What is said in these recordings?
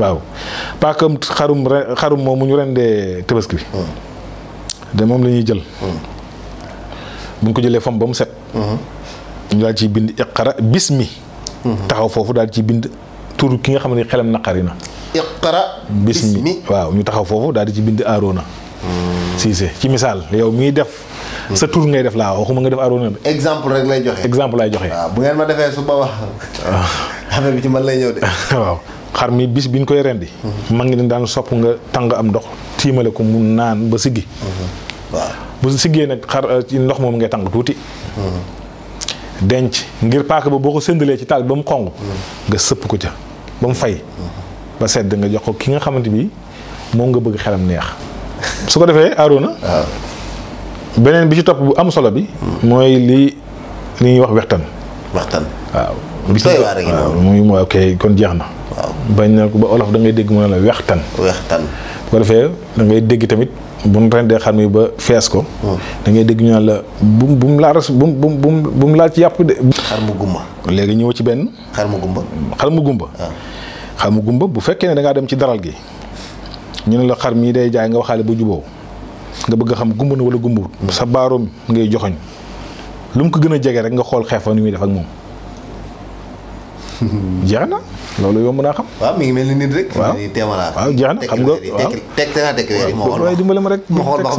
waaw pas comme xarum xarum moom mu ñu rendee tabaski bi hmm. de moom la ñuy jël hmm. bu ñu ko jëlee fam ba mu set hmm. ñu daal ciy bind iqara bismi taxaw foofu daal ci bind tur ki nga xam ne xelam naqari na iqara bismi waaw ñu taxaw foofu daal di ci bind aarona siise ci misaal yow miy def sa tur ngay def laa waxuma nga def aarona exemple rek lay joxe exemple lay joxe bu ngeen ma defee suba wax ah. affaire bi ci man lay ñëw de waaw xar mi bis biñ koy rendi ma ngi daan sopp nga tang am dox timale ko mu naan ba sigi waaw bu sigi nak xar euh, ci ndox mom ngay tang tuti denc ngir pak ba boko sendele ci tal bam xong nga sepp ko ca bam fay ba sedd nga jox ko ki nga xamanteni bi nga bëgg xelam neex su ko defé aruna benen bi ci top bu am solo bi moy li ni wax wextan waxtan waaw bi ci waaw moy kon jeexna bañ na ko ba olof da ngay dégg mu ne la wextan wextan bu ko defee da ngay dégg tamit bu mu rendee xam ni ba fees ko hmm. dangay ngay dégg ñu bu bu mu bu mu bu mu yàpp de xar léegi ñëw ci benn xar mu gumba xar ah. bu fekkee ne dem ci daral gi ñu ne la xar mii day jaay nga waxaale ba juboo nga bëgg xam gumba na wala gumbawut hmm. sa baaroom ngay joxoñ lu mu ko gën a jege rek nga xool xeefa nu muy def ak moom jeex na loolu yomb naa xam. waaw mi ngi mel ni nit rek. xam nga waaw teg ma xool dimbale ma rek. ma xool ba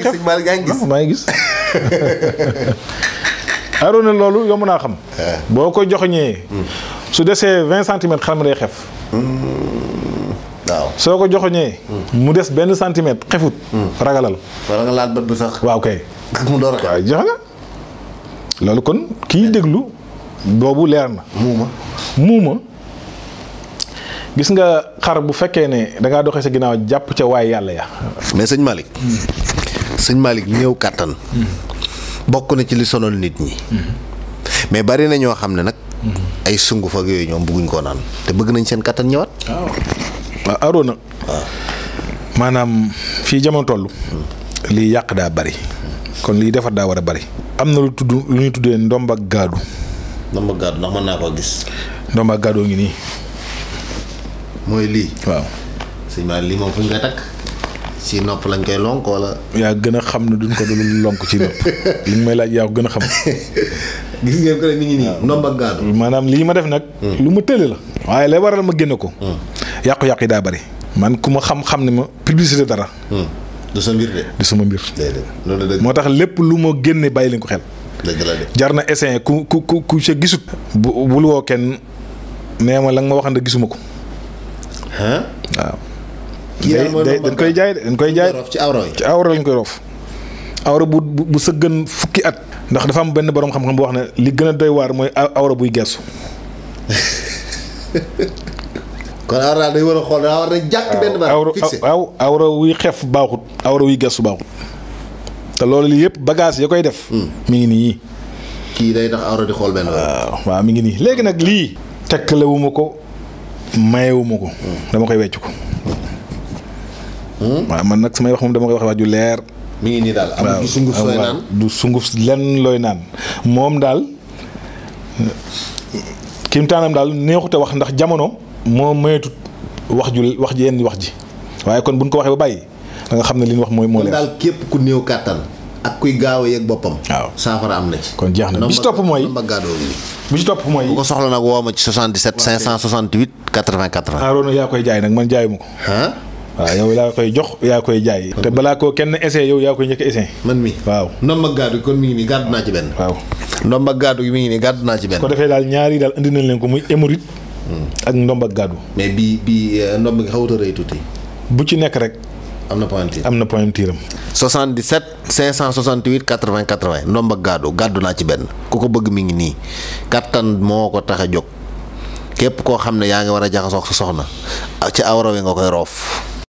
xam maa gis Arona loolu yomb naa xam. Eh. boo ko joxoñee. Hmm. su desee vingt centimètres xalam day xef. Hmm. waaw soo ko joxoñee. Hmm. mu des benn centimètre xefut. ragalal. ragalal bët bu sax. waaw kay. mu loolu kon kiy déglu. boobu leer na muuma muuma gis nga xar bu fekke ne da nga doxé sa ginaaw japp ci way yalla ya mais seigne malik seigne malik ñew katan bokku na ci li sonol nit ñi mais bari na ño xamne nak ay sungu fa yooyu ñom buguñ ko naan te bëgg nañ seen katan ñewat waaw ah. ah, aroona ah. maanaam fii jamono toll li yàq bari kon li da da wara bari am lu tuddu lu ñu tuddé ndomba ndomba gàddu ndax mën naa koo gis. ndomba gàddu ngi ni moy li waaw sëñ maa li moom fu ñu koy ci nopp lañ koy lonko la ya gëna xam ne duñ ko dul lonk ci nopp li may laaj ya gëna xam. gis ngeen ko rek ya. ngi ndomba gàddu. manam li ma def nak hmm. lu mu teele la. waye lay waral ma génn ko. Hmm. yaq yaq da bari. man kuma xam-xam ne ma publicité dara. Hmm. du sa mbir de. du sama mbir. déedéet loolu lu mo génne bàyyi ko xel. jar na essayer ku ku ku ku sa gisut. bu bul woo kenn nee ma la nga ma waxande gisuma ko. waaw. day dañ koy jaay dañ koy jaay ci awra lañ koy roof. awra bu bu sëggan fukki at. ndax dafa am benn boroom xam-xam bu wax ne li gën a doy waar mooy awra buy geesu. kon awra daal day war a xool daa war a jàkk awra wuy xef baaxut. awra wuy geesu baaxut. te loolu lii yëpp bagage ya koy def. Hmm. mi ngi nii. kii day tax awra xool benn waaw waaw mi ngi nii léegi nag lii. tekkalewu ma ko mayewu ma ko. Hmm. dama koy wecc ko. Hmm? waaw man nag samay wax moom dama koy wax ju leer. mi ngi nii daal amul du sunguf sooy naan du sunguf lenn looy naan moom daal kim taanam daal neexute wax ndax jamono. moo mayatut wax ju wax ji yenn wax ji waaye kon buñ ko waxee ba bàyyi. da xam ne li ñu wax mooy moo leen daal képp ku néew kàttan ak kuy gaaw a yëg boppam. waaw saafara am na ci. kon jeex na bi ci topp mooy bi ci topp mooy. bu ko soxla nag woo ma ci 77. 568 80 80. Arona yaa koy jaay nag man jaayu ma ko. waaw yow yaa koy jox yaa koy jaay. te balaa koo kenn essayé yow yaa koy njëkk a essayé. man mi waaw ndomba gaadu kon mi ngi nii gàddu naa ci benn. waaw ndomba mi ngi nii gàddu naa ci benn. ko defee daal ñaari daal indi nañ leen ko muy émorite. Hmm. ak ndomba gaadu. mais bii bi eh, ndomb gi xawut a rëy tuuti. bu ci nekk rek am na pointure am na pointure am. 77 568 80 80 ndomba gàddu gàddu naa ci benn ku ko bëgg mu ngi nii kattan moo ko tax a jóg képp koo xam ne yaa ngi war a jaxasoo sa soxna ci awra wi nga koy roof.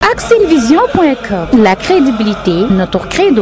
ak Senvision.com la crédibilité notre credo.